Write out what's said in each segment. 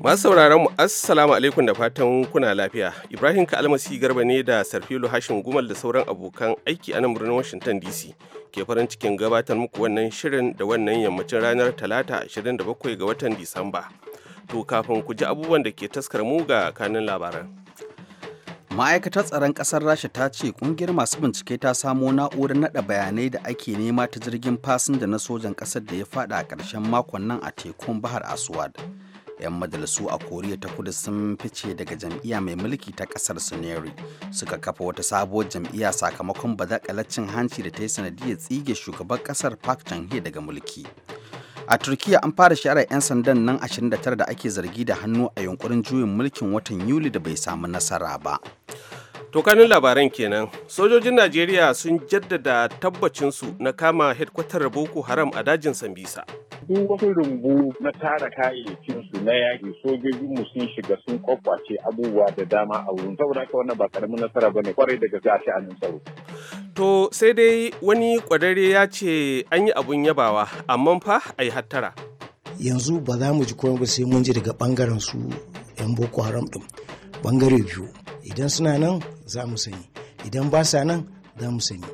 Masu sauraron mu assalamu alaikum da fatan kuna lafiya. Ibrahim Kalmasi Garba ne da Sarfilu Hashin Gumal da sauran abokan aiki a nan birnin Washington DC ke farin cikin gabatar muku wannan shirin da wannan yammacin ranar Talata 27 ga watan Disamba. To kafin ku ji abubuwan da ke taskar mu ga kanin labaran. ma'aikatar tsaron ƙasar rasha ta ce ƙungiyar masu bincike ta samo na'urar naɗa bayanai da ake nema ta jirgin fasinja na sojan ƙasar da ya faɗa a ƙarshen makon nan a tekun bahar aswad 'yan majalisu a koriya ta kudu sun fice daga jam'iyya mai mulki ta kasar sunari suka kafa wata sabuwar jam'iyya sakamakon bazakalacin hanci da ta yi sanadiyar tsige shugaban kasar park chung daga mulki a turkiya an fara shari'ar 'yan sandan nan 29 da ake zargi da hannu a yunkurin juyin mulkin watan yuli da bai samu nasara ba tokanin labaran kenan sojojin najeriya sun jaddada tabbacinsu na kama hedkwatar boko haram a dajin sambisa duk wasu rumbu na tara kayayyakinsu na yaƙi sojojinmu sun shiga sun kwakwace abubuwa da dama a wurin saboda haka wannan ba karamin nasara ba ne kwarai daga gaske a nan tsaro to sai dai wani kwadare ya ce an yi abun yabawa amma fa a yi hattara yanzu ba za mu ji komai ba sai mun ji daga bangaren su yan boko haram din bangare biyu idan suna nan za mu sani idan ba sa nan za mu sani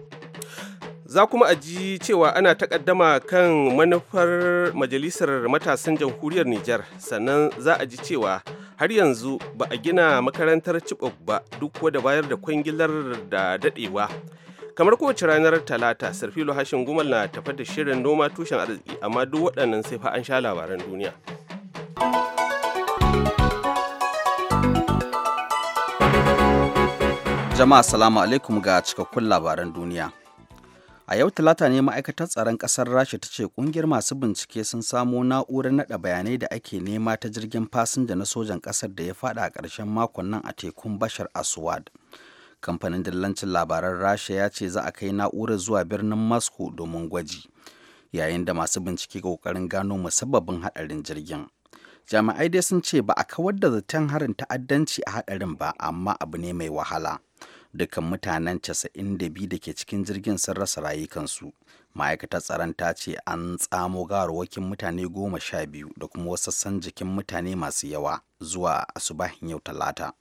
za kuma a ji cewa ana takaddama kan manufar majalisar matasan jamhuriyar Nijar sannan za a ji cewa har yanzu ba a gina makarantar Cibok ba duk da bayar da kwangilar da dadewa. Kamar kowace ranar Talata, Sarfilo Hashin Gumal na tafa da shirin noma tushen arziki amma duk waɗannan sai fa an sha labaran duniya. Jama'a salamu alaikum ga cikakkun labaran duniya. A yau talata ne ma'aikatar tsaron ƙasar Rasha ta ce ƙungiyar masu bincike sun samo na'urar naɗa bayanai da ake nema ta jirgin fasinja na sojan ƙasar da ya faɗa a ƙarshen makon nan a tekun Bashar Aswad. Kamfanin dillancin labaran Rasha ya ce za a kai na'urar zuwa birnin Moscow domin gwaji. yayin da masu bincike kokarin gano musabbabin haɗarin jirgin jami'ai dai sun ce ba a kawar da zaton harin ta'addanci a haɗarin ba amma abu ne mai wahala dukkan mutanen 92 da ke cikin jirgin sun rasa rayukansu ma'aikatar tsaron ta ce an tsamo gawarwakin mutane goma sha biyu da kuma wasu san jikin mutane masu yawa zuwa asubahin yau talata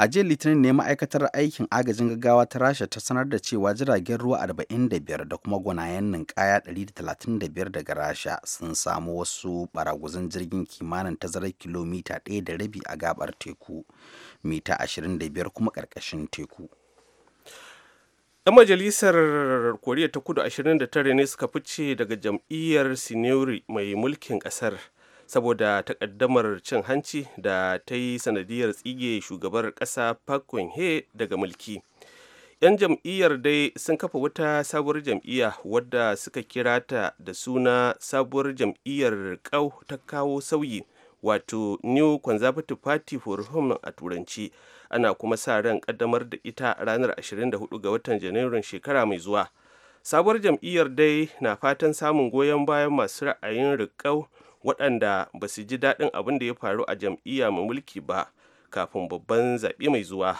a jiya litinin ne ma'aikatar aikin agajin gaggawa ta rasha ta sanar da cewa jiragen ruwa 45 da kuma gwanayen ninkaya 135 daga rasha sun samu wasu baraguzin jirgin kimanin tazarar kilomita ɗaya a gabar teku mita 25 kuma ƙarƙashin teku. 'yan majalisar koriya ta kudu 29 ne suka fice daga jam'iyyar sinuri mai mulkin ƙasar saboda takaddamar cin hanci da ta yi sanadiyar tsige shugabar kasa park he daga mulki 'yan jam'iyyar dai sun kafa wata sabuwar jam'iyya wadda suka kira ta da suna sabuwar jam'iyyar kau ta kawo sauyi wato new conservative party for reform a turanci ana kuma sa ran kaddamar da ita ranar 24 ga watan janairun shekara mai zuwa sabuwar jam'iyyar dai na fatan samun goyon bayan masu ra'ayin rikau waɗanda ba su ji daɗin abin da ya faru a jam'iyya mai mulki ba kafin babban zaɓe mai zuwa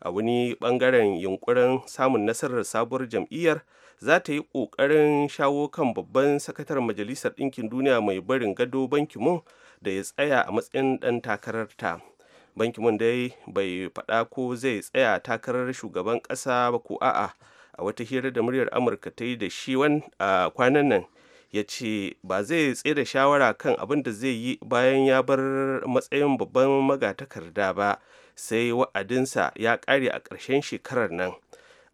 a wani ɓangaren yunkurin samun nasarar sabuwar jam'iyyar za ta yi ƙoƙarin shawo kan babban sakatar majalisar ɗinkin duniya mai barin gado banki mun da ya tsaya a matsayin ɗan takararta banki mun dai bai faɗa ko zai tsaya takarar shugaban ƙasa ba ko a'a a wata hira da muryar amurka ta yi da shi kwanan nan ya ce ba zai tsere shawara kan abin da zai yi bayan ya bar matsayin babban magatakarda ba sai wa'adinsa ya ƙare a ƙarshen shekarar nan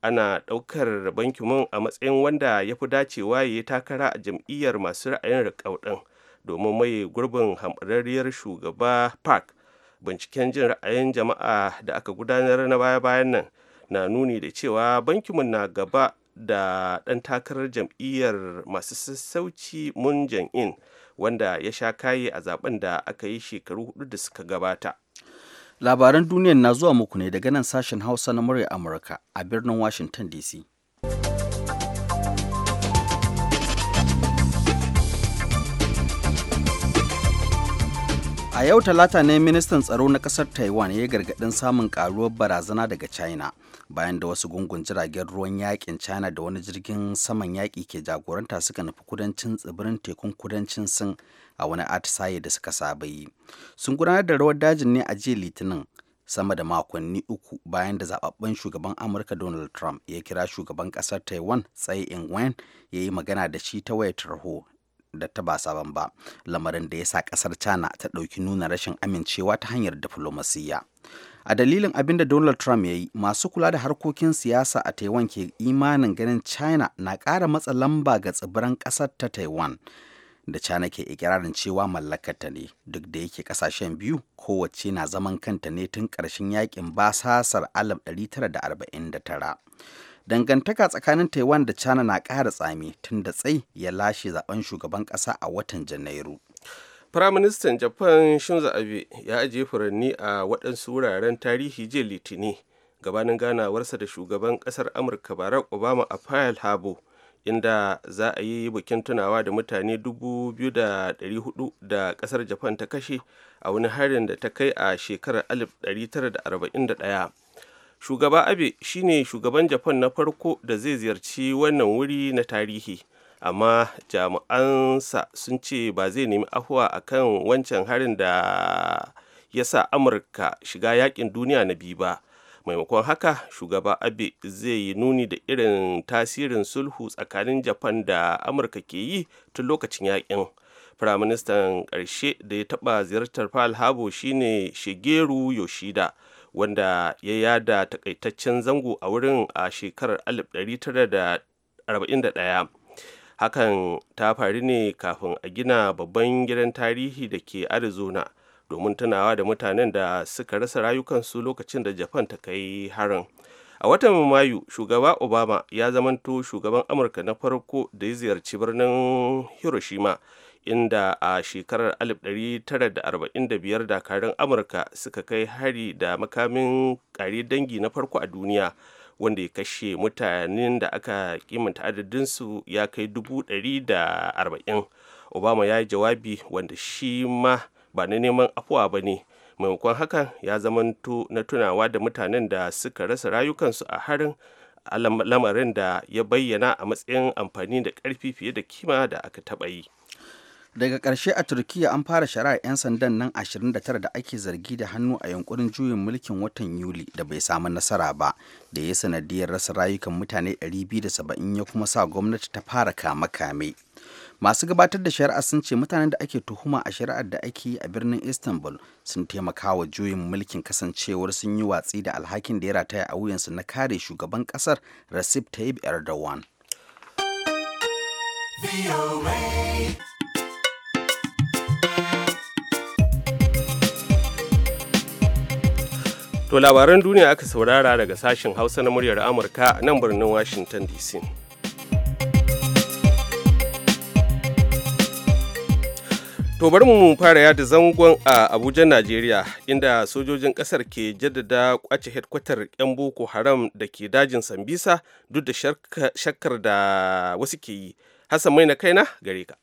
ana ɗaukar mun a matsayin wanda ya fi dacewa ya yi takara a jam'iyyar masu ra'ayin riƙau ɗin domin mai gurbin hamɓararriyar shugaba park binciken jin ra'ayin jama'a da aka gudanar na baya-bayan nan na nuni da cewa bankinmu na gaba da ɗan takarar jam'iyyar masu sassauci mun jan'in wanda ya sha kaye a zaben da aka yi shekaru hudu da suka gabata labaran duniyar na zuwa muku ne daga nan sashen hausa na murya amurka a birnin washington dc A yau talata ne ministan tsaro na kasar Taiwan ya yi gargaɗin samun karuwar barazana daga China bayan da wasu gungun jiragen ruwan yakin China da wani jirgin saman yaƙi ke jagoranta suka nufi kudancin tsibirin tekun kudancin Sin a wani atisaye da suka saba yi. Sun gudanar da rawar dajin ne a jiya Litinin sama da makonni uku bayan da zababben shugaban amurka donald trump ya kira shugaban kasar taiwan tsai in wen ya yi magana da shi ta wayar tarho da ta ba sabon ba lamarin da ya sa kasar china ta ɗauki nuna rashin amincewa ta hanyar diflomasiyya a dalilin abin da donald trump ya yi masu kula da harkokin siyasa a taiwan ke imanin ganin china na ƙara matsa lamba ga tsibiran ƙasar ta taiwan da china ke ikirarin cewa mallakarta ne duk da yake kasashen biyu kowacce na zaman kanta ne tun ƙarshen yakin basasar 1949 dangantaka tsakanin taiwan da china na ƙara tsami tun da tsai ya lashe zaben shugaban ƙasa a watan janairu firaministan japan shinzo abe ya ajiye furanni a waɗansu wuraren tarihi jiya litini gabanin ganawarsa da shugaban ƙasar amurka barack obama a pearl harbor inda za a yi bikin tunawa da mutane 2,400 da ƙasar japan ta kashe a wani harin da ta kai a shekarar 1941 shugaba abe shine shugaban japan na farko da zai ziyarci wannan wuri na tarihi amma jami'ansa sun ce ba zai nemi afuwa a kan wancan harin da ya sa amurka shiga yakin duniya na biyu ba maimakon haka shugaba abe zai yi nuni da irin tasirin sulhu tsakanin japan da amurka ke yi tun lokacin yakin firaministan ƙarshe da ya taɓa ziyartar fal habo shine shigeru yoshida wanda ya yada takaitaccen zango a wurin a shekarar 1941 hakan ta faru ne kafin a gina babban gidan tarihi da ke arizona domin tunawa da mutanen da suka rasa rayukansu lokacin da japan ta kai harin a watan mayu shugaba obama ya zamanto shugaban amurka na farko da ya ziyarci birnin hiroshima inda a shekarar 1945 dakarun amurka suka kai hari da makamin kare dangi na farko a duniya wanda ya kashe mutanen da aka kimanta adadinsu ya kai 140 obama ya yi jawabi wanda shi ma ba na neman afuwa ba ne maimakon hakan ya zamanto na tunawa da mutanen da suka rasa rayukansu a harin lamarin da ya bayyana a matsayin amfani da ƙarfi fiye da kima da aka taɓa yi. daga ƙarshe a turkiyya an fara shari'ar 'yan sandan nan 29 da ake zargi da hannu a yankurin juyin mulkin watan yuli da bai samu nasara ba da ya sanadiyar rasa rayukan mutane 270 ya kuma sa gwamnati ta fara kama kame masu gabatar da shari'a sun ce mutanen da ake tuhuma a shari'ar da ake yi a birnin istanbul sun taimaka wa juyin mulkin kasancewar sun yi watsi da alhakin da ya rataya a wuyansu na kare shugaban kasar recep tayyip erdogan To labaran duniya aka saurara daga sashen Hausa na muryar Amurka nan birnin Washington DC. To bari mu fara yada zangon a Abuja, Najeriya, inda sojojin ƙasar ke jaddada kwace hedkwatar 'yan Boko Haram da ke dajin Sambisa duk da shakkar da wasu ke yi. Hassan mai na kaina gare ka.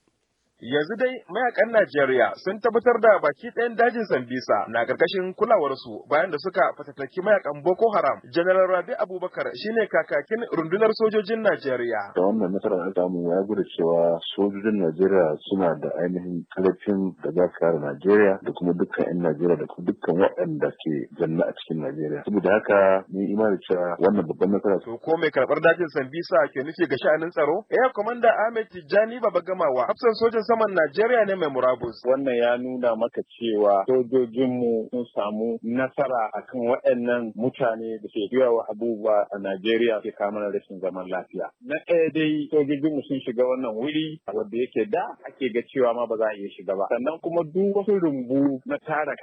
Yanzu dai mayakan Najeriya sun tabbatar da baki ɗayan dajin Sambisa na ƙarƙashin kulawarsu bayan da suka fatattaki mayakan Boko Haram. General Rabi Abubakar shine kakakin rundunar sojojin Najeriya. Da wannan nasara da samu ya gudu cewa sojojin Najeriya suna da ainihin ƙarfin da za su kare Najeriya da kuma dukkan 'yan Najeriya da kuma dukkan waɗanda ke zanna a cikin Najeriya. Saboda haka ni imani cewa wannan babban nasara. To ko mai karɓar dajin Sambisa ke nufi ga sha'anin tsaro? Air Commander Ahmed Tijjani Babagamawa, hafsan sojan saman Najeriya ne mai murabus. Wannan ya nuna maka cewa sojojinmu sun samu nasara a kan waɗannan mutane da ke wa abubuwa a Najeriya ke kama rashin zaman lafiya. Na ɗaya dai sojojinmu sun shiga wannan wuri wanda yake da ake ga cewa ma ba za a iya shiga ba. Sannan kuma duk wasu rumbu na tara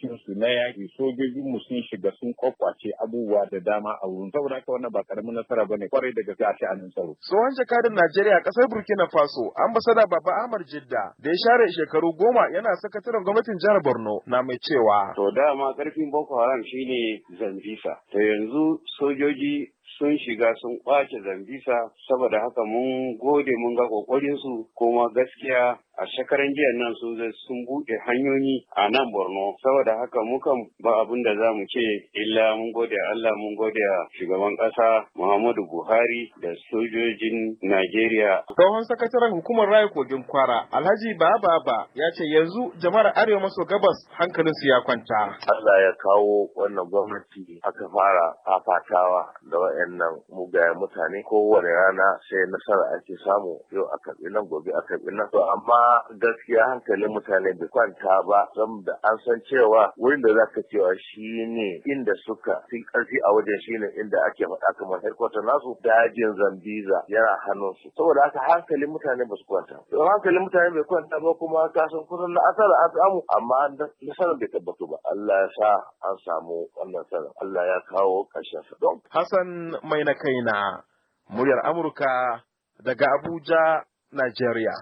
su na yaƙi sojojinmu sun shiga sun kwakwace abubuwa da dama a wurin. Saboda haka wannan ba karamin nasara ba ne kwarai da gaske a sha'anin tsaro. Tsohon jakadar Najeriya a ƙasar Burkina Faso ambasada Baba Ahmad Jidda da ya share shekaru goma yana sakataren gwamnatin jihar Borno na mai cewa. To dama karfin Boko Haram shine Zambisa. To yanzu sojoji sun shiga sun kwace Zambisa saboda haka mun gode mun ga kokarin su kuma gaskiya a shekaran jiya nan su sun bude hanyoyi a nan Borno saboda haka mukan ba abin da mu ce illa mun gode Allah mun gode shugaban ƙasa Muhammadu Buhari da sojojin Najeriya. Tsohon sakataren hukumar raya kogin kwara Alhaji Baba ya ce yanzu jama'ar Arewa maso gabas su ya kwanta. Allah ya kawo wannan gwamnati aka fara fafatawa da wa'yan nan mugayen mutane kowane rana sai nasara ake samu yau a karɓi nan gobe a karɓi nan. amma gaskiya hankalin mutane bai kwanta ba don da an san cewa wurin da za cewa shi ne inda suka fi ƙarfi a wajen shi ne inda ake faɗa kamar headquarter nasu dajin Zambiza yana su Saboda haka hankalin mutane ba su kwanta. Don hankalin mutane bai kwanta ba kuma ka san kusan na asara an samu amma nasara bai tabbatu ba. Allah ya sa an samu wannan sanar. Allah ya kawo ƙarshen sa. Hassan mai na kaina muryar Amurka daga Abuja, Najeriya.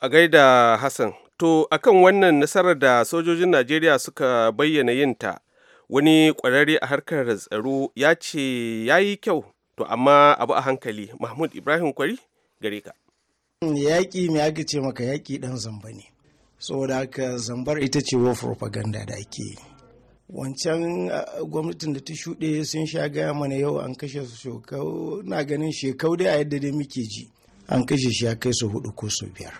A gaida Hassan, to akan wannan nasarar da sojojin Najeriya suka bayyana yinta, wani ƙwararre a harkar tsaro ya ce ya yi kyau, to amma abu a hankali. Mahmud Ibrahim Kwari gare ka. Yaƙi mai aka ce maka yaƙi ɗan zamba ne, saboda haka zambar ita ce wa propaganda da ake yi. wancan gwamnatin da ta shuɗe sun sha gaya mana yau an kashe su shekau na ganin shekau dai a yadda dai muke ji an kashe shi ya kai su hudu ko su biyar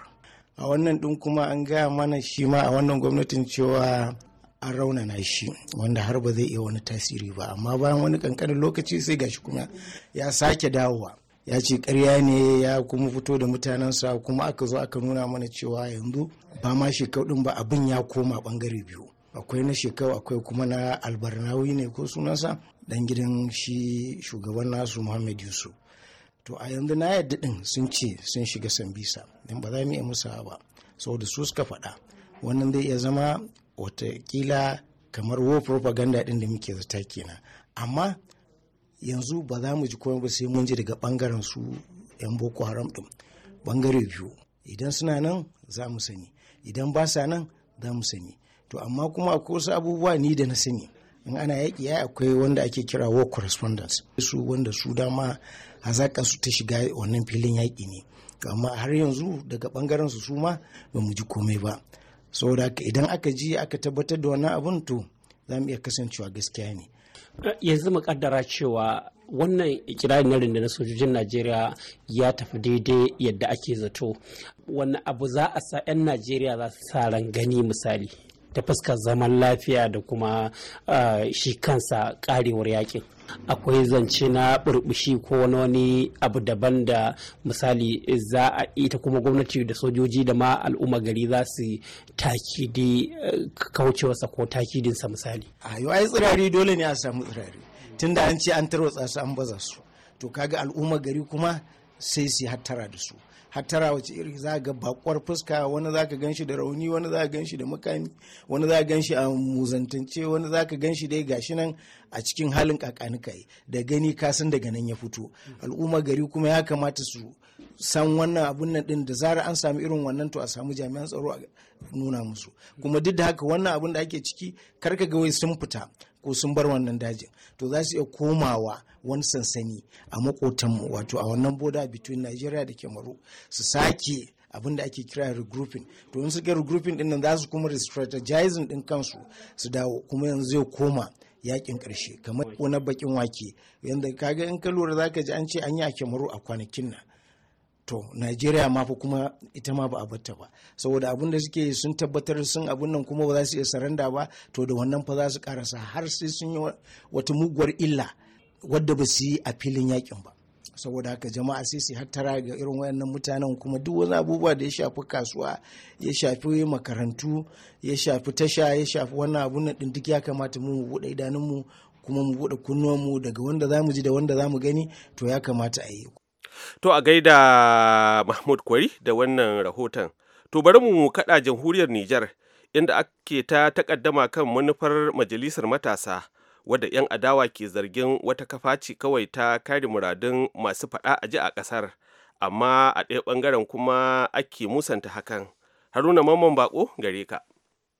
a wannan ɗin kuma an gaya mana shi ma a wannan gwamnatin cewa an raunana shi wanda har ba zai iya wani tasiri ba amma bayan wani kankanin lokaci sai gashi kuma ya sake dawowa ya ce karya ne ya kuma fito da mutanensa kuma aka zo aka nuna mana cewa yanzu ba ma shekau ɗin ba abin ya koma ɓangare biyu akwai na shekau akwai kuma na albarnawi ne ko sunansa dan gidan shi shugaban nasu muhammad yusuf to a yanzu na yadda din sun ce sun shiga sambisa don ba za mu iya musa ba saboda su suka faɗa wannan zai iya zama watakila kamar war propaganda din da muke zata kenan amma yanzu ba za mu ji komai ba sai mun ji daga bangaren su yan boko haram din bangare biyu idan suna nan za mu sani idan ba sa nan za mu sani to amma kuma akwai wasu abubuwa ni da na sani in ana yaƙi ya akwai wanda ake kira war correspondence su wanda su dama hazaƙa su ta shiga wannan filin yaƙi ne to amma har yanzu daga ɓangaren su ma ba mu ji komai ba saboda idan aka ji aka tabbatar da wannan abun to za mu iya kasancewa gaskiya ne eh, yanzu mu kaddara cewa wannan ikirarin na rundunar sojojin najeriya ya tafi daidai yadda ake zato wani abu za a sa 'yan najeriya za su sa ran gani misali ta fuskar zaman lafiya da kuma shi kansa karewar yakin akwai zance na burbushi ko wani abu daban da misali za a ita kuma gwamnati da sojoji da ma al'umma gari za su takidi eh, kaucewarsa ko takidinsa misali a yi ai tsirari dole ne a samu tsirari tunda an ce an tarwatsa su an baza su to kaga al'umma gari kuma sai su hattara da su hattara wace iri za ga bakwar fuska wani za ka ganshi da rauni wani za ka ganshi da makami wani za ka ganshi a muzantance wani za ka ganshi dai gashi nan a cikin halin kakanikai da gani kasan daga nan ya fito al'umma gari kuma ya kamata su san wannan abun nan din da zara an samu irin wannan to a samu jami'an tsaro a nuna musu kuma duk da haka wannan abun da ake ciki karka ga wai sun fita ko sun bar wannan dajin to za su iya komawa wani sansani a makotanmu wato a wannan boda between Nigeria da Kemaru su sake abin da ake kira regrouping to in su suke regrouping din nan za su kuma restrategizing din kansu su dawo kuma yanzu zai koma yakin karshe kamar wani bakin wake yanda kaga in ka lura zaka ji an ce an yi a Kemaru a kwanakin nan to najeriya ma kuma ita ma ba a batta ba saboda abin da suke sun tabbatar sun abin nan kuma ba za su iya saranda ba to da wannan fa za su karasa har sai sun yi wata muguwar illa wadda ba su yi a filin yakin ba saboda haka jama'a sai su hattara ga irin wayannan mutanen kuma duk wani abubuwa da ya shafi kasuwa ya shafi makarantu ya shafi tasha ya shafi wannan abun nan din duk ya kamata mu buɗe idanunmu kuma mu buɗe kunnuwanmu daga wanda za mu ji da wanda za mu gani to ya kamata a yi To a gaida Mahmud Kwari da wannan rahoton. To bari mu kaɗa jamhuriyar Nijar inda ake ta takaddama kan manufar majalisar matasa wadda 'yan adawa ke zargin wata kafa ce kawai ta kare muradun masu faɗa a ji a ƙasar. Amma a ɗaya ɓangaren kuma ake musanta hakan. Haruna Mamman Bako gare ka.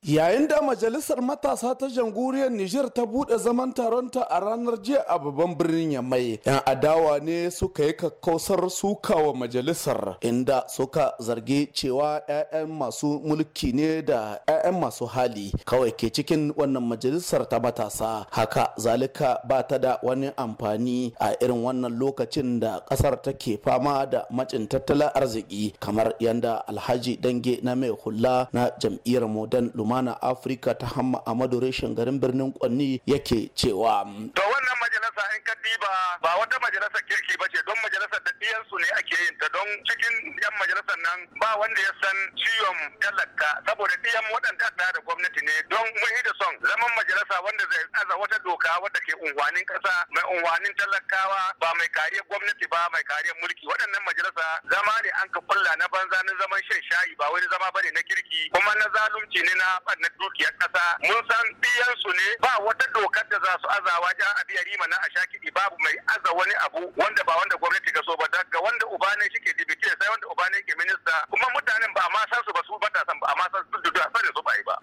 Yayin da Majalisar Matasa ta Jamhuriyar Nijar ta buɗe zaman taronta a ranar jiya a babban birnin Yamai, 'yan adawa ne suka yi kakkausar suka wa majalisar inda suka zargi cewa 'ya'yan masu mulki ne da 'ya'yan masu hali kawai ke cikin wannan majalisar ta matasa. Haka zalika ba ta da wani amfani a irin wannan lokacin da ƙasar take fama da macin tattalin arziki kamar yadda Alhaji Dange na mai hula na jam'iyyar Modern lumana afirka ta hamma a reshen garin birnin kwanni yake cewa to wannan majalisa in ka diba ba wata majalisar kirki ba ce don majalisar da su ne ake yin ta don cikin yan majalisar nan ba wanda ya san ciwon talaka saboda ɗiyan waɗanda ta da gwamnati ne don yi da son zaman majalisa wanda zai aza wata doka wadda ke unwanin ƙasa mai unwanin talakawa ba mai kariyar gwamnati ba mai kariyar mulki waɗannan majalisa zama ne an ka kulla na banza na zaman shan shayi ba wani zama bane na kirki kuma na zalunci ne na na dukiyar kasa mun san biyan su ne ba wata dokar da za su azawa jan abiya rima na a kiɗi babu mai aza wani abu wanda ba wanda gwamnati ka so ba daga wanda uba ne ke dibiti sai wanda uba ne ke minista kuma mutanen ba a ma san su ba su ba ta san ba a ma san su da su ba yi ba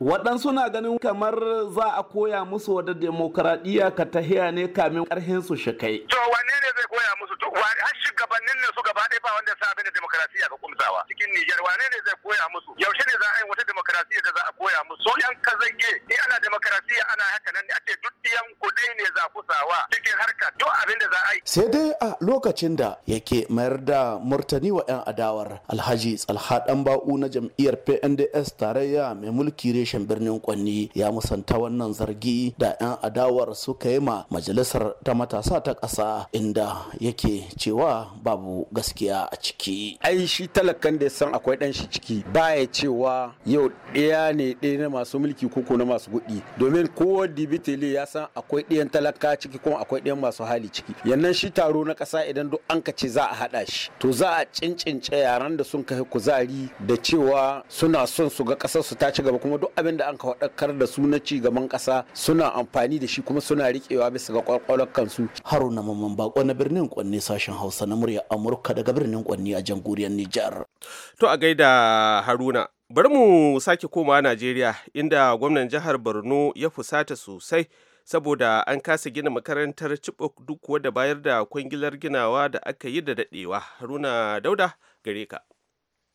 waɗansu na ganin kamar za a koya musu wadda demokaradiyya ka tahiya ne kamin ƙarhin su shi kai. To wane ne zai koya musu to har shugabannin ne su gaba ɗaya ba wanda sa abin da demokaradiyya ka kumsawa cikin Nijar wane ne zai koya musu yaushe ne za a yi wata demokaradiyya da za a koya musu So yan kazange in ana demokaradiyya ana haka nan ne a ce duk yan kuɗi ne za ku sawa cikin harka duk abin da za a yi. Sai dai a lokacin da yake mayar da murtani wa 'yan adawar Alhaji Tsalha ba'u na jam'iyyar PNDS tare tarayya mai mulki reshen birnin kwanni ya musanta wannan zargi da 'yan adawar suka yi ma majalisar ta matasa ta ƙasa inda yake cewa babu gaskiya a ciki ai shi talakan da san akwai dan shi ciki baya cewa yau ɗaya ne ɗaya na masu mulki koko na masu kuɗi domin kowa dibitili ya san akwai ɗayan talaka ciki kuma akwai ɗayan masu hali ciki yannan shi taro na ƙasa idan duk an kace za a haɗa shi to za a cincince yaran da sun kai kuzari da cewa suna son su ga ƙasa kasar su ta ci gaba kuma duk abin da an ka faɗakar da su na ci gaban ƙasa suna amfani da shi kuma suna riƙewa bisa ga kwakwalwar kansu haruna mamman bako na birnin kwanne sashen hausa na murya amurka daga birnin kwanne a jamhuriyar nijar to a gaida haruna bari mu sake komawa najeriya inda gwamnan jihar borno ya fusata sosai saboda an kasa gina makarantar cibok duk wadda bayar da kwangilar ginawa da aka yi da daɗewa haruna dauda gare ka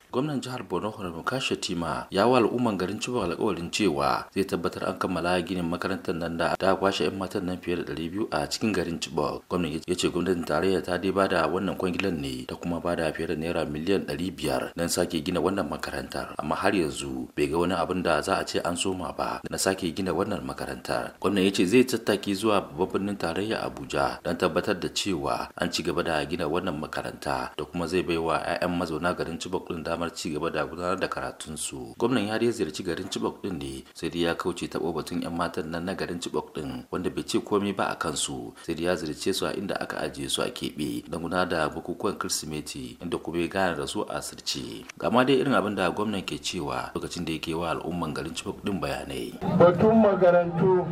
gwamnan jihar borno mu kashe tima ya wa al'umman garin cibo alƙawarin cewa zai tabbatar an kammala ginin makarantar nan da ta kwashe 'yan matan nan fiye da 200 a cikin garin cibo gwamnan ya ce gwamnatin tarayya ta dai bada wannan kwangilan ne ta kuma bada fiye da naira miliyan 500 don sake gina wannan makarantar amma har yanzu bai ga wani abin da za a ce an soma ba na sake gina wannan makarantar gwamnan ya ce zai tattaki zuwa babban birnin tarayya abuja don tabbatar da cewa an ci gaba da gina wannan makaranta da kuma zai baiwa 'ya'yan mazauna garin cibo da damar ci gaba da gudanar da karatunsu gwamnan ya dai ziyarci garin chibok din ne sai dai ya kauce taɓo batun yan matan nan na garin chibok din wanda bai ce komai ba a kansu sai dai ya zirce su a inda aka ajiye su a keɓe don gudanar da bukukuwan kirsimeti inda kuma ya gane da su a asirce gama dai irin abin da gwamnan ke cewa lokacin da yake wa al'umman garin chibok din bayanai batun magarantu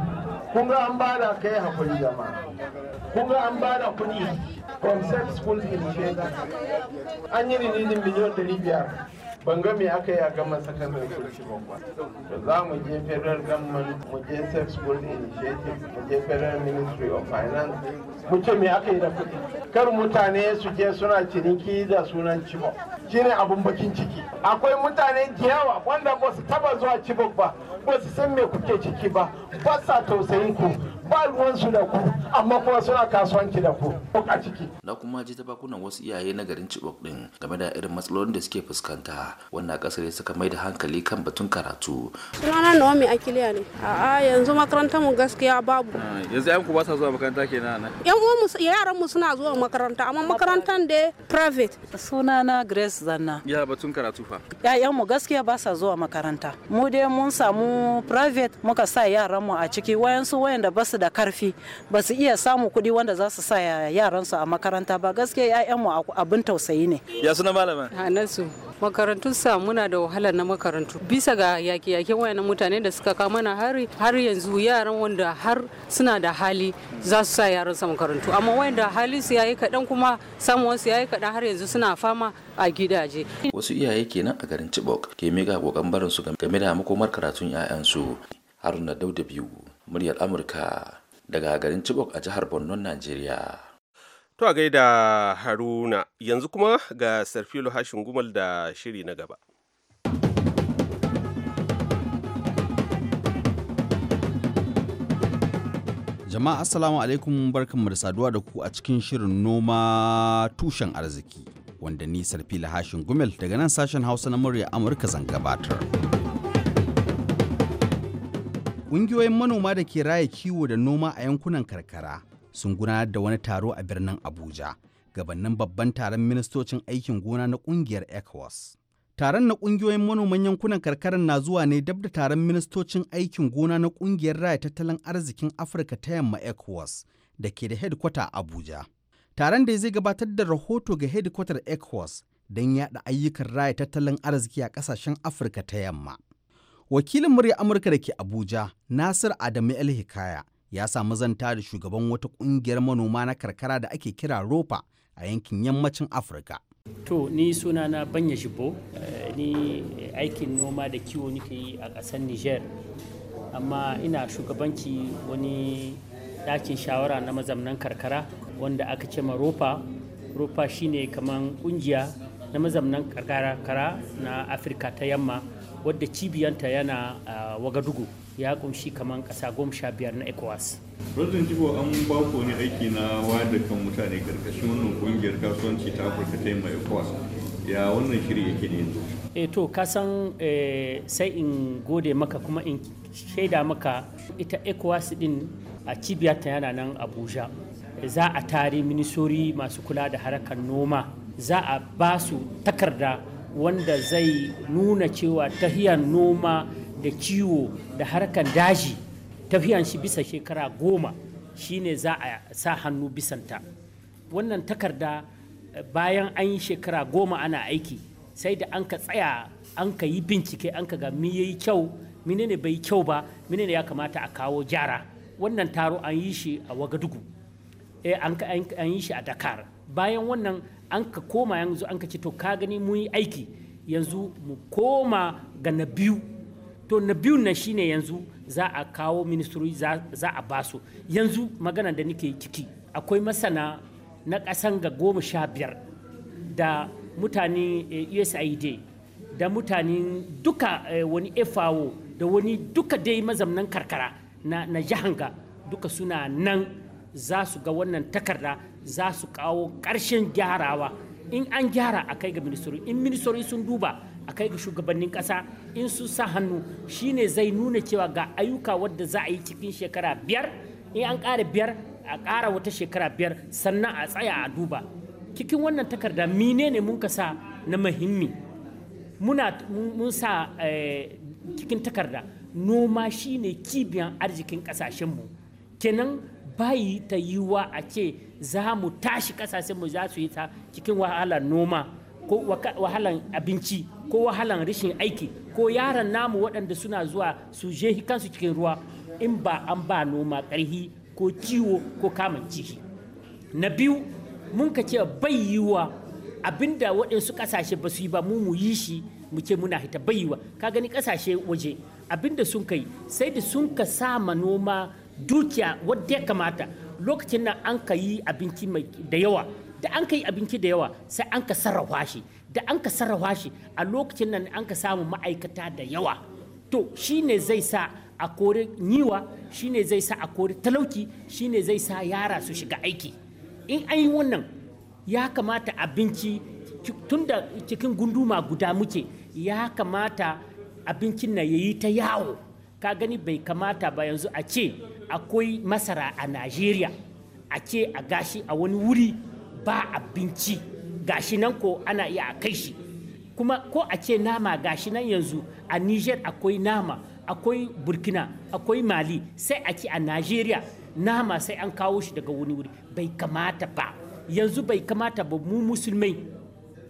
kun ga an bada kai hakuri jama'a kun ga an bada kuɗi from school schools initiative an yi rinidin miliyan 500 ban ga me aka yi a gaman sakandare shi ba to za mu je federal government mu je safe school initiative mu je federal ministry of finance mu ce me aka yi da kuɗi kar mutane su je suna ciniki da sunan cibok shine abun bakin ciki akwai mutane da yawa wanda ba su taba zuwa cibok ba ba su san me kuke ciki ba ba sa tausayin ku ba ruwansu da ku amma kuma suna kasuwanci da ku a ciki. Na kuma ji ta bakunan wasu iyaye na garin Chibok din game da irin matsalolin da suke fuskanta wannan kasar ya suka mai da hankali kan batun karatu. Sunana Naomi Akiliya ne. A'a yanzu makarantar mu gaskiya babu. Ah, yanzu ayanku ba sa zuwa makaranta kenan nan. Yan uwan yaran mu suna zuwa makaranta amma makarantar da private. Sunana Grace Zanna. Ya batun karatu fa. yan mu gaskiya ba sa zuwa makaranta. Mu dai mun samu private muka sa yaran mu a ciki wayansu wayanda ba su su da karfi ba su iya samun kuɗi wanda za su sa yaransu a makaranta ba gaske 'ya'yanmu abin tausayi ne ya suna malama su makarantun sa muna da wahalar na makarantu bisa ga yake-yake wayannan mutane da suka kama na hari har yanzu yaran wanda har suna da hali za su sa yaran sa makarantu amma wanda hali su yayi kaɗan kuma samuwar su yayi kaɗan har yanzu suna fama a gidaje wasu iyaye kenan a garin Chibok ke mega kokan barin su game da makomar karatun 'ya'yansu Haruna Dauda biyu muryar amurka daga garin chibok a jihar borno najeriya to a gaida haruna yanzu kuma ga sarfilo hashin gumal da shiri na gaba jama'a assalamu alaikum barkanmu da saduwa da ku a cikin shirin noma tushen arziki wanda ni sarfila hashin gumel daga nan sashen hausa na murya amurka zan gabatar. Ƙungiyoyin manoma da ke raya kiwo da noma a yankunan karkara sun gudanar da wani taro a birnin Abuja gabanin babban taron ministocin aikin gona na ƙungiyar ECOWAS. Taron na ƙungiyoyin manoman yankunan karkara na zuwa ne dab da taron ministocin aikin gona na ƙungiyar raya tattalin arzikin Afirka ta yamma ECOWAS da ke da hedkwata Abuja. Taron da zai gabatar da rahoto ga hedkwatar ECOWAS don yada ayyukan raya tattalin arziki a ƙasashen Afirka ta yamma. wakilin murya amurka da ke abuja nasir adamu el hikaya ya samu zanta da shugaban wata kungiyar manoma na karkara da ake kira ropa a yankin yammacin afirka to ni suna na banya shibo eh, ni aikin noma da kiwo nike yi a ƙasar niger amma ina shugabanci wani ɗakin shawara na mazamnan karkara wanda aka ce ma ropa ropa shine kaman ƙungiya. na mazamnan karkara na afirka ta yamma wadda cibiyanta yana a wagadugu ya kunshi kamar kasa goma sha biyar na ecowas rajin jibo an bako ne aiki na wayar da kan mutane karkashin wannan kungiyar kasuwanci ta afirka ta yamma ecowas ya wannan shiri yake ne yanzu e to kasan eh, sai in gode maka kuma in shaida maka ita ecowas din a ta yana nan abuja za a tare minisori masu kula da harkar noma za a ba su takarda wanda zai nuna cewa tafiyan noma da ciwo da harkar daji tafiyan shi bisa shekara goma shine za a sa hannu bisanta wannan takarda bayan an yi shekara goma ana aiki sai da an ka tsaya an ka yi bincike an ka ga mi yayi kyau menene bai kyau ba menene ya kamata a kawo jara? wannan taro an yi shi a wagadugu eh, an yi shi a dakar bayan wannan an ka koma yanzu an ka ce to ka gani mun yi aiki yanzu mu koma ga na biyu to na biyu na shine yanzu za a kawo ministry za a basu yanzu magana da nake ciki akwai masana na ƙasan ga goma sha biyar da mutane eh, usaid da mutane duka eh, wani fao da wani duka dai mazamnan karkara na jihanga duka suna nan za su ga wannan takarda za su kawo ƙarshen gyarawa in an gyara a kai ga ministori in ministori sun duba a kai ga shugabannin ƙasa in sun sa hannu shine zai nuna cewa ga ayyuka wadda za a yi cikin shekara biyar in an ƙara biyar a ƙara wata shekara biyar sannan a tsaya a duba cikin wannan takarda menene mun kasa na muhimmi muna mun sa eh, cikin takarda noma shine kibiyan arzikin ƙasashenmu kenan bayi ta wa a ce za mu tashi mu za su yi ta cikin wahalar noma ko wahalar abinci ko wahalar rashin aiki ko yaran namu waɗanda suna zuwa su je kansu cikin ruwa in ba an ba noma ƙarhi ko ciwo ko kamun ciki na biyu mun ka ce bai yi wa abinda waɗansu ƙasashe ba su yi ba mu yi shi mu ce muna hita bai yi wa ka gani ƙasashe waje abinda sun kai sai da sun ka sama noma dukiya wadda ya kamata lokacin nan an ka yi abinci da yawa da an ka yi abinci da yawa sai an ka sarrafa shi da an ka sarrafa shi a lokacin nan an ka samu ma'aikata da yawa to shi ne zai sa a kori niwa ne zai sa a kori talauci ne zai sa yara su shiga aiki in an yi wannan ya kamata abinci tun da cikin gunduma guda muke ya kamata abincin na yayi ta yawo ka gani bai kamata ba yanzu a ce akwai masara a najeriya a ce a gashi a wani wuri ba abinci gashi nan ko ana iya a kai shi kuma ko a ce nama gashi nan yanzu a niger akwai nama akwai burkina akwai mali sai a ce a najeriya nama sai an kawo shi daga wani wuri bai kamata ba yanzu bai kamata ba mu musulmai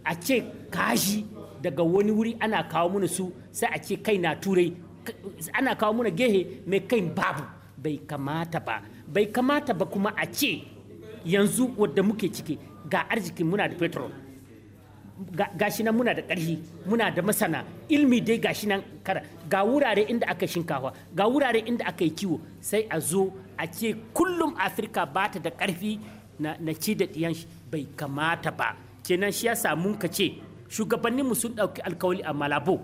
a ce kashi daga wani wuri ana kawo mana su sai a ce kai na turai ana kawo muna gehe mai kai babu bai kamata ba bai kamata ba kuma a ce yanzu wadda muke ciki ga arziki muna da petrol gashi nan muna da ƙarfi muna da masana ilmi dai gashi nan kara ga wurare inda aka shinkawa ga wurare inda aka yi kiwo sai a zo a ce kullum afirka ba ta da ƙarfi na ci da ɗiyan bai kamata ba kenan shi ya samu ka ce shugabanninmu sun ɗauki alkawali a malabo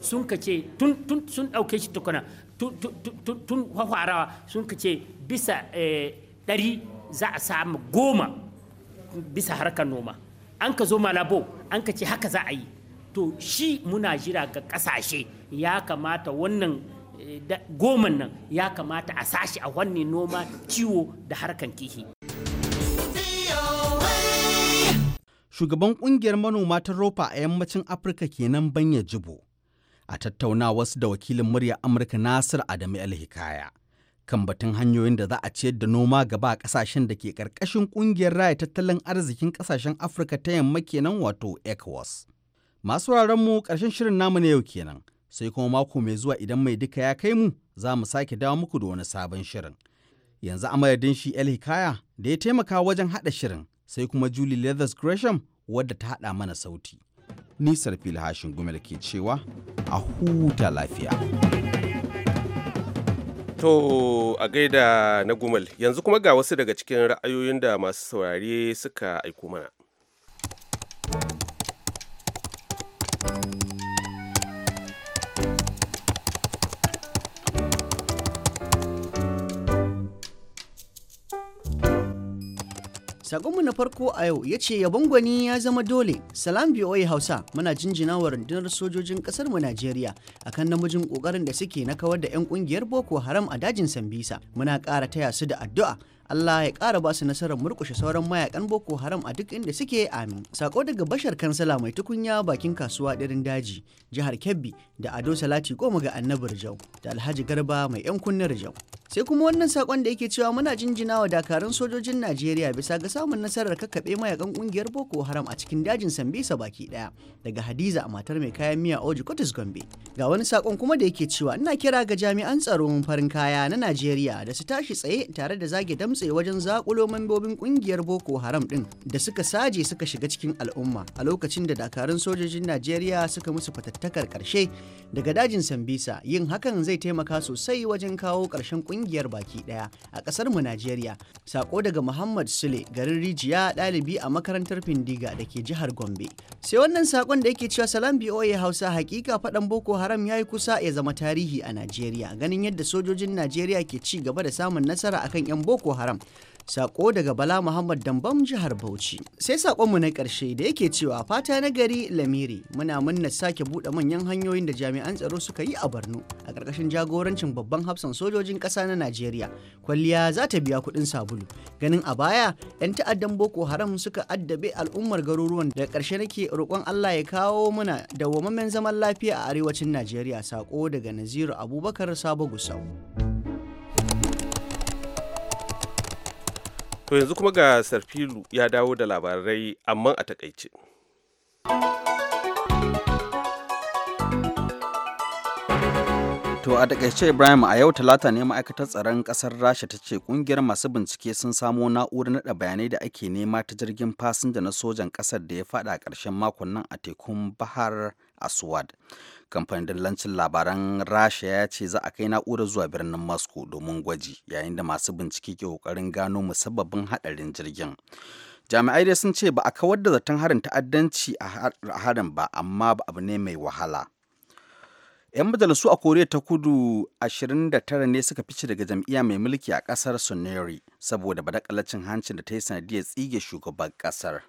sun ka ce tun sun ɗauke shi tukuna tun hwarawa sun ka ce bisa eh, ɗari za a samu goma bisa harkar noma an ka zo malabo an ka ce haka za a yi to shi muna jira ga ƙasashe ya kamata wannan eh, goman nan ya kamata a sashi a wannan noma ciwo da harkar kihi shugaban kungiyar manoma ta ropa a yammacin afirka kenan banya jibo a tattauna wasu da wakilin murya Amurka Nasir Adamu Alhikaya kan batun hanyoyin da za a ciyar da noma gaba a ƙasashen da ke ƙarƙashin ƙungiyar raya tattalin arzikin ƙasashen Afirka ta yamma kenan wato ECOWAS. Masu mu ƙarshen shirin namu na yau kenan, sai kuma mako mai zuwa idan mai duka ya kai mu za mu sake dawo muku da wani sabon shirin. Yanzu a shi El Hikaya da ya taimaka wajen haɗa shirin, sai kuma Julie Leathers Gresham wadda ta haɗa mana sauti. nisar filhashin gumel ke cewa a huta lafiya To a gaida na gumel, yanzu kuma ga wasu daga cikin ra'ayoyin da masu saurare suka aiko mana. Sakonmu na farko a yau ya ce yabon gwani ya zama dole. Salam BOA Hausa muna jinjina wa rundunar sojojin kasar mu Najeriya akan namijin kokarin da suke na kawar da 'yan kungiyar Boko Haram a dajin Sambisa. Muna kara taya su da addu'a Allah ya ƙara ba su nasarar murkushe sauran mayakan Boko Haram a duk inda suke amin. Sako daga Bashar Kansala mai tukunya bakin kasuwa ɗirin daji, jihar Kebbi da Ado Salati goma ga Annabi Rijau da Alhaji Garba mai 'yan kunnar Rijau. Sai kuma wannan sakon da yake cewa muna jinjina wa dakarun sojojin Najeriya bisa ga samun nasarar kakkaɓe mayakan ƙungiyar Boko Haram a cikin dajin Sambisa baki ɗaya daga Hadiza a matar mai kayan miya Oji Kotis Gombe. Ga wani sakon kuma da yake cewa ina kira ga jami'an tsaron farin kaya na Najeriya da su tashi tsaye tare da zage damsa kintse wajen zakulo mambobin kungiyar Boko Haram din da suka saje suka shiga cikin al'umma a lokacin da dakarun sojojin Najeriya suka musu fatattakar karshe daga dajin Sambisa yin hakan zai taimaka sosai wajen kawo karshen kungiyar baki daya a kasar mu Najeriya. Sako daga Muhammad Sule garin Rijiya dalibi a makarantar Findiga da ke jihar Gombe. Sai wannan sakon da yake cewa salam BOA Hausa hakika faɗan Boko Haram ya yi kusa ya zama tarihi a Najeriya ganin yadda sojojin Najeriya ke ci gaba da samun nasara akan 'yan Boko Haram haram sako daga bala muhammad dambam jihar bauchi sai sakonmu na karshe da yake cewa fata na gari lamiri muna munna sake buɗe manyan hanyoyin da jami'an tsaro suka yi a borno a ƙarƙashin jagorancin babban hafsan sojojin ƙasa na najeriya kwalliya za ta biya kuɗin sabulu ganin a baya 'yan ta'addan boko haram suka addabe al'ummar garuruwan da karshe nake roƙon allah ya kawo mana dawwammamen zaman lafiya a arewacin najeriya sako daga naziru abubakar sabo gusau. To yanzu kuma ga Sarfilu ya dawo da labarai amma a takaice. To a takaice Ibrahim a yau talata ne ma'aikatar tsaron kasar Rasha ta ce kungiyar masu bincike sun samo na'urar naɗa bayanai da ake nema ta jirgin fasinja na sojan kasar da ya fada a karshen makon nan a tekun Bahar Aswad. kamfanin dillancin labaran rasha ya ce za a kai na'urar zuwa birnin moscow domin gwaji yayin da masu bincike ke kokarin gano musabbabin hadarin jirgin jami'ai dai sun ce ba a kawar da zaton harin ta'addanci a harin ba amma ba abu ne mai wahala 'yan majalisu a koriya ta kudu 29 ne suka fice daga jam'iyya mai mulki a kasar suneri saboda badakalacin hancin da ta yi sanadiyar tsige shugaban kasar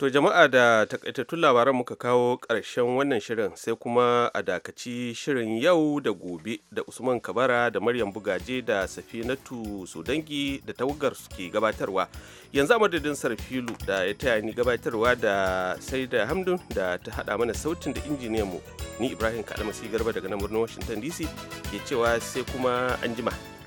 To jama'a da takaitattun labaran muka kawo karshen wannan shirin sai kuma a dakaci shirin yau da gobe da Usman Kabara da Maryam Bugaje da Safinatu Sudangi da tawagar suke gabatarwa. Yanzu a madadin Sarfilu da ya taya ni gabatarwa da sai da Hamdun da ta haɗa mana sautin da injiniyan mu. Ni Ibrahim Kalmasi Garba daga nan birnin Washington DC ke cewa sai kuma anjima.